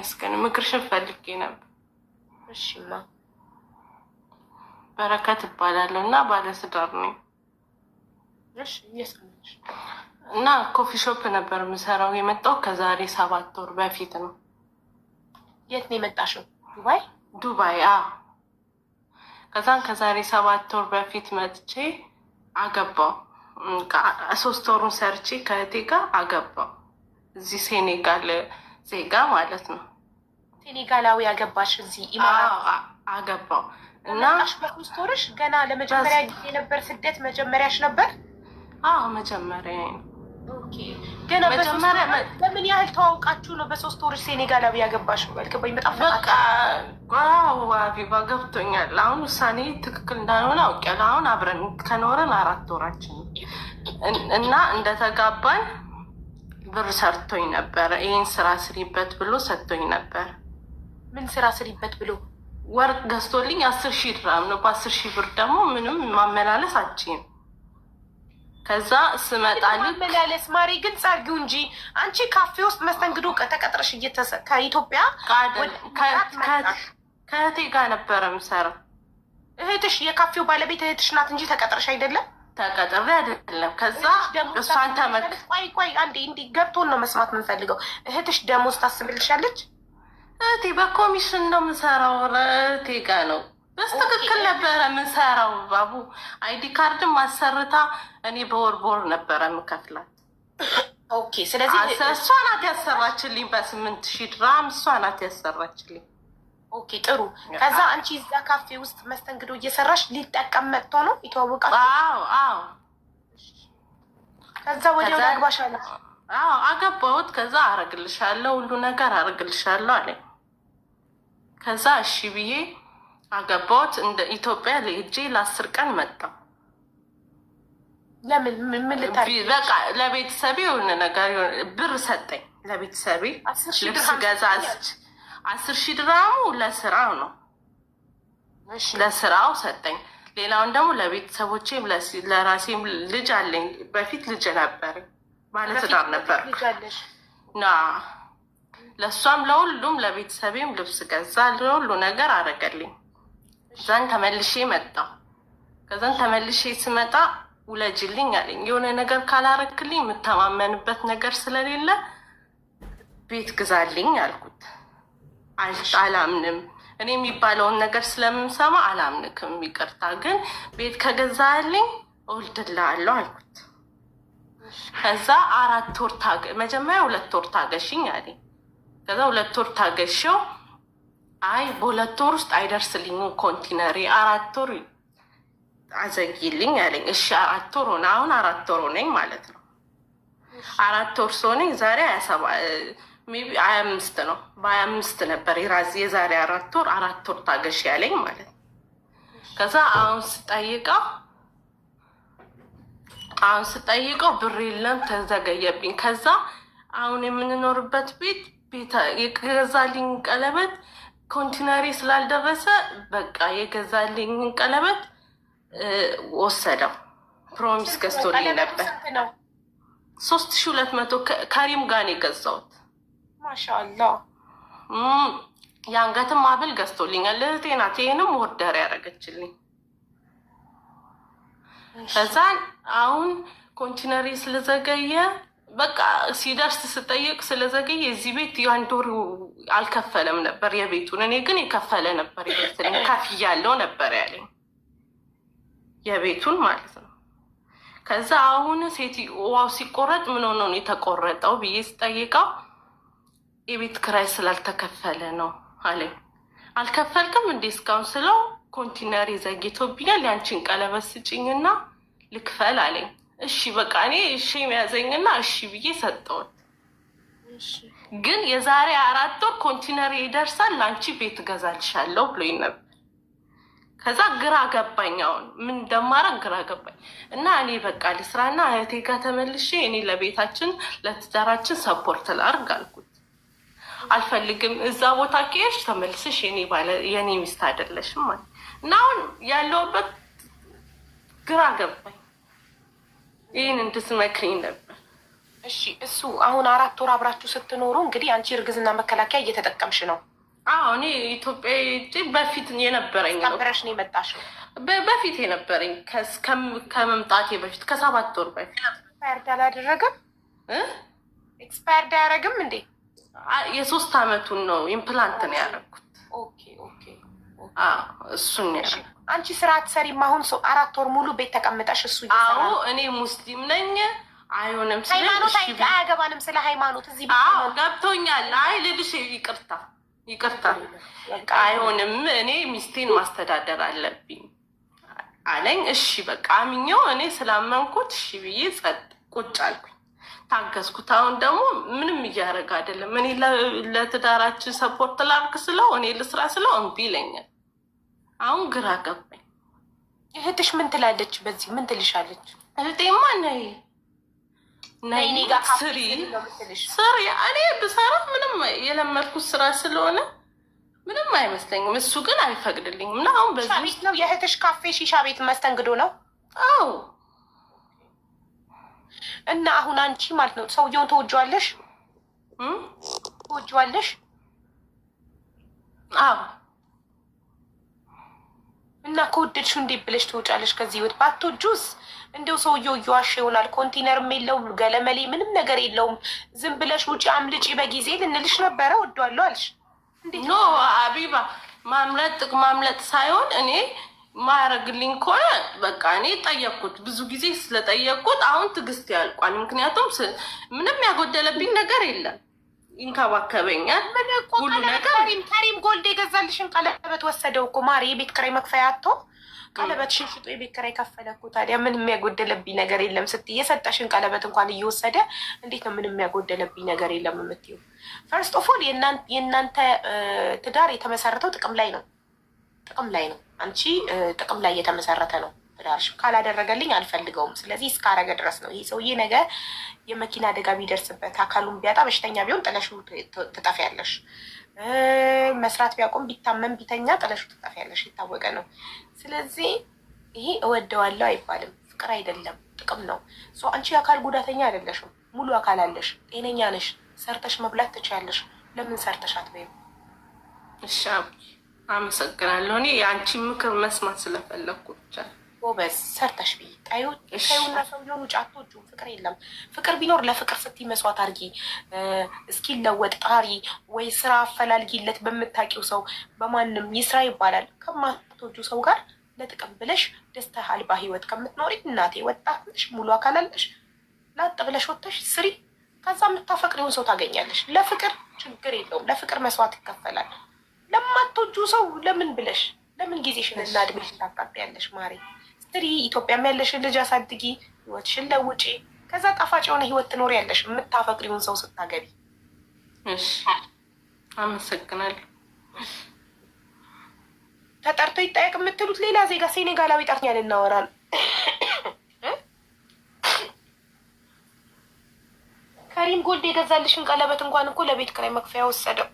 ይመስገን። ምክርሽን ፈልጌ ነበር። እሺማ በረከት እባላለሁ እና ባለስዳር ነኝ። እሺ እና ኮፊ ሾፕ ነበር የምሰራው። የመጣው ከዛሬ ሰባት ወር በፊት ነው። የት ነው የመጣሽው? ዱባይ ዱባይ። አ ከዛን ከዛሬ ሰባት ወር በፊት መጥቼ አገባው። ሶስት ወሩን ሰርቼ ከእህቴ ጋር አገባው። እዚህ ሴኔጋል ዜጋ ማለት ነው። ሴኔጋላዊ ያገባሽ እዚህ አገባው እና በሶስት ወርሽ ገና ለመጀመሪያ ጊዜ ነበር ስደት መጀመሪያሽ ነበር? አዎ መጀመሪያ ገና በምን ያህል ተዋውቃችሁ ነው በሶስት ወርሽ ሴኔጋላዊ ያገባሽ? አልገባኝ በጣም በቃ አቢባ ገብቶኛል። አሁን ውሳኔ ትክክል እንዳልሆነ አውቄያለሁ። አሁን አብረን ከኖረን አራት ወራችን እና እንደተጋባን ብር ሰርቶኝ ነበረ። ይህን ስራ ስሪበት ብሎ ሰጥቶኝ ነበር ምን ስራ ስሪበት ብሎ ወርቅ ገዝቶልኝ አስር ሺህ ድራም ነው። በአስር ሺህ ብር ደግሞ ምንም ማመላለስ አችም ከዛ ስመጣ መላለስ ማሪ ግን ጸርጊው እንጂ አንቺ ካፌ ውስጥ መስተንግዶ ተቀጥረሽ ከኢትዮጵያ ከእህቴ ጋር ነበረ የምሰራው። እህትሽ የካፌው ባለቤት እህትሽ ናት እንጂ ተቀጥረሽ አይደለም። ተቀጥሬ አይደለም። ከዛ እሷን ተመ ቆይ ቆይ አንዴ እንዲህ ገብቶን ነው መስማት የምንፈልገው። እህትሽ ደሞዝ ታስብልሻለች? እህቴ በኮሚሽን ነው የምሰራው። እህቴ ጋ ነው በስትክክል ነበረ የምንሰራው። ባቡ አይዲ ካርድም አሰርታ እኔ በወር በወር ነበረ የምከፍላት። እሷ ናት ያሰራችልኝ በስምንት ሺ ድራም እሷ ናት ያሰራችልኝ። ኦኬ ጥሩ። ከዛ አንቺ እዛ ካፌ ውስጥ መስተንግዶ እየሰራሽ ሊጠቀም መጥቶ ነው ይተዋወቃል። ከዛ ወዲያው አግባሽ አለ። አገባሁት። ከዛ አረግልሻለሁ፣ ሁሉ ነገር አረግልሻለሁ አለኝ። ከዛ እሺ ብዬ አገባሁት። እንደ ኢትዮጵያ ሄጄ ለአስር ቀን መጣ። ለምን ለቤተሰቤ የሆነ ነገር ብር ሰጠኝ። ለቤተሰቤ ልብስ ገዛ አስር ሺህ ድራሙ ለስራው ነው ለስራው ሰጠኝ። ሌላውን ደግሞ ለቤተሰቦቼም ለራሴም ልጅ አለኝ። በፊት ልጅ ነበረኝ፣ ባለትዳር ነበር ና ለእሷም ለሁሉም ለቤተሰቤም ልብስ ገዛ፣ ለሁሉ ነገር አረገልኝ። ከዛን ተመልሼ መጣሁ። ከዛን ተመልሼ ስመጣ ውለጅልኝ አለኝ። የሆነ ነገር ካላረክልኝ የምተማመንበት ነገር ስለሌለ ቤት ግዛልኝ አልኩት። አላምንም እኔ የሚባለውን ነገር ስለምንሰማ አላምንክም፣ ይቅርታ ግን ቤት ከገዛልኝ እወልድልሃለሁ አልኩት። ከዛ አራት ወር መጀመሪያ ሁለት ወር ታገሽኝ አለኝ። ከዛ ሁለት ወር ታገሸው። አይ በሁለት ወር ውስጥ አይደርስልኝም ኮንቲነሪ አራት ወር አዘጊልኝ አለኝ። እሺ አራት ወር ሆነ። አሁን አራት ወር ሆነኝ ማለት ነው። አራት ወር ሲሆነኝ ዛሬ ሀያሰባ ሜይ ቢ ሀያ አምስት ነው። በሀያ አምስት ነበር ራዚ የዛሬ አራት ወር አራት ወር ታገሽ ያለኝ ማለት ነው። ከዛ አሁን ስጠይቀው አሁን ስጠይቀው ብር የለም ተዘገየብኝ። ከዛ አሁን የምንኖርበት ቤት የገዛልኝ ቀለበት ኮንቲነሪ ስላልደረሰ በቃ የገዛልኝ ቀለበት ወሰደው። ፕሮሚስ ገዝቶልኝ ነበር። ሶስት ሺ ሁለት መቶ ከሪም ጋር ነው የገዛሁት። ማሻአላ የአንገትም ሀብል ገዝቶልኛል። እህቴ ናት ይህንም ወርደር ያደረገችልኝ። ከዛን አሁን ኮንቲነሪ ስለዘገየ በቃ ሲደርስ ስጠየቅ ስለዘገየ የዚህ ቤት የአንድ ወር አልከፈለም ነበር የቤቱን። እኔ ግን የከፈለ ነበር ይመስለኝ ያለው ነበር ያለኝ የቤቱን ማለት ነው። ከዛ አሁን ሴት ዋው ሲቆረጥ ምን ሆኖ ነው የተቆረጠው ብዬ ስጠይቀው የቤት ክራይ ስላልተከፈለ ነው አለኝ። አልከፈልክም እንዴ እስካሁን ስለው ኮንቲነር ዘግቶብኛል፣ ያንቺን ቀለበት ስጭኝና ልክፈል አለኝ። እሺ በቃ እኔ እሺ የሚያዘኝና እሺ ብዬ ሰጠውን። ግን የዛሬ አራት ወር ኮንቲነር ይደርሳል ለአንቺ ቤት እገዛልሻለሁ ብሎኝ ነበር። ከዛ ግራ ገባኝ። አሁን ምን እንደማረግ ግራ ገባኝ እና እኔ በቃ ልስራና እህቴ ጋር ተመልሼ እኔ ለቤታችን ለትዳራችን ሰፖርት ላርግ አልኩት። አልፈልግም እዛ ቦታ ከሄድሽ ተመልስሽ የኔ ሚስት አይደለሽም ማለት እና አሁን ያለውበት ግራ ገባኝ። ይህን እንድትመክሪኝ ነበር። እሺ እሱ አሁን አራት ወር አብራችሁ ስትኖሩ እንግዲህ አንቺ እርግዝና መከላከያ እየተጠቀምሽ ነው? አዎ እኔ ኢትዮጵያ በፊት የነበረኝ ነው። ነው የመጣሽው? በፊት የነበረኝ ከመምጣቴ በፊት ከሰባት ወር በፊት። ኤክስፓየርድ አላደረገም? ኤክስፓየርድ አያደረግም እንዴ? የሶስት አመቱን ነው ኢምፕላንት ነው ያደረግኩት። ኦኬ ኦኬ እሱን አንቺ ስራ አትሰሪም። አሁን ሰው አራት ወር ሙሉ ቤት ተቀምጠሽ እሱ አዎ፣ እኔ ሙስሊም ነኝ አይሆንም። ሃይማኖት አያገባንም። ስለ ሃይማኖት እዚህ ገብቶኛል። አይ ልልሽ ይቅርታ ይቅርታ አይሆንም። እኔ ሚስቴን ማስተዳደር አለብኝ አለኝ። እሺ በቃ አምኜው እኔ ስላመንኩት እሺ ብዬ ጸጥ ቁጭ አልኩኝ፣ ታገዝኩት። አሁን ደግሞ ምንም እያደረገ አይደለም። እኔ ለትዳራችን ሰፖርት ላርክ ስለው እኔ ልስራ ስለው እምቢ ይለኛል። አሁን ግራ ገባኝ። እህትሽ ምን ትላለች? በዚህ ምን ትልሻለች? እህቴማ ነይ ስሪ ስሪ። እኔ ብሰራ ምንም የለመድኩት ስራ ስለሆነ ምንም አይመስለኝም። እሱ ግን አይፈቅድልኝም እና አሁን በዚህ ቤት ነው የእህትሽ ካፌ ሺሻ ቤት መስተንግዶ ነው። አዎ እና አሁን አንቺ ማለት ነው ሰውየውን ተወጇዋለሽ? ተወጇዋለሽ? አዎ እና ከወደድሽ እንዴት ብለሽ ትወጫለሽ ከዚህ ህይወት? ጁስ እንደው ሰውየው እየዋሸ ይሆናል። ኮንቴነርም የለውም ገለመሌ፣ ምንም ነገር የለውም። ዝም ብለሽ ውጪ አምልጪ በጊዜ ልንልሽ ነበረ። ወዷለሁ አልሽ። ኖ አቢባ፣ ማምለጥ ማምለጥ ሳይሆን እኔ ማረግልኝ ከሆነ በቃ እኔ ጠየቅኩት። ብዙ ጊዜ ስለጠየቅኩት አሁን ትዕግስት ያልቋል። ምክንያቱም ምንም ያጎደለብኝ ነገር የለም። ይንከባከበኛል። ሁሉ ነገር ከሪም ጎልድ የገዛልሽን ቀለበት ወሰደው እኮ ማሪ። የቤት ኪራይ መክፈያ አቶ ቀለበት ሽንሽጦ የቤት ኪራይ ከፈለ እኮ። ታዲያ ምን የሚያጎደለብኝ ነገር የለም ስትይ የሰጠሽን ቀለበት እንኳን እየወሰደ እንዴት ነው ምን የሚያጎደለብኝ ነገር የለም የምትይው? ፈርስት ኦፍ ኦል የእናንተ ትዳር የተመሰረተው ጥቅም ላይ ነው። ጥቅም ላይ ነው። አንቺ ጥቅም ላይ የተመሰረተ ነው ብላሽ ካላደረገልኝ አልፈልገውም። ስለዚህ እስካረገ ድረስ ነው ይሄ ሰውዬ ነገ የመኪና አደጋ ቢደርስበት አካሉን ቢያጣ በሽተኛ ቢሆን ጥለሹ ትጠፊያለሽ። መስራት ቢያቆም ቢታመም ቢተኛ ጥለሹ ትጠፊያለሽ። የታወቀ ነው። ስለዚህ ይሄ እወደዋለሁ አይባልም። ፍቅር አይደለም፣ ጥቅም ነው። አንቺ የአካል ጉዳተኛ አይደለሽም። ሙሉ አካል አለሽ፣ ጤነኛ ነሽ። ሰርተሽ መብላት ትችያለሽ። ለምን ሰርተሽ አትበይም? እሺ፣ አመሰግናለሁ። እኔ የአንቺ ምክር መስማት ስለፈለግኩ ብቻ ጎበዝ ሰርተሽ ብይ ጣዩ ጣዩና ሰው ሊሆኑ ጫቶቹ ፍቅር የለም። ፍቅር ቢኖር ለፍቅር ስትይ መስዋዕት አድርጊ፣ እስኪለወጥ ጣሪ፣ ወይ ስራ አፈላልጊለት በምታውቂው ሰው በማንም ይስራ ይባላል። ከማቶቹ ሰው ጋር ለጥቅም ብለሽ ደስታ አልባ ህይወት ከምትኖሪ እናቴ፣ ወጣት ነሽ፣ ሙሉ አካል አለሽ፣ ላጥ ብለሽ ወጥተሽ ስሪ። ከዛ የምታፈቅሪውን ሰው ታገኛለሽ። ለፍቅር ችግር የለውም። ለፍቅር መስዋዕት ይከፈላል። ለማቶቹ ሰው ለምን ብለሽ ለምን ጊዜሽን እና እድሜሽን ታቃጥያለሽ ማሬ? ትሪ ኢትዮጵያም ያለሽን ልጅ አሳድጊ፣ ህይወትሽን ለውጪ። ከዛ ጣፋጭ የሆነ ህይወት ትኖር ያለሽ የምታፈቅሪውን ሰው ስታገቢ። አመሰግናለሁ። ተጠርቶ ይጠየቅ የምትሉት ሌላ ዜጋ ሴኔጋላዊ ጠርኛ እናወራል። ከሪም ጎልድ የገዛልሽን ቀለበት እንኳን እኮ ለቤት ክራይ መክፈያ ወሰደው።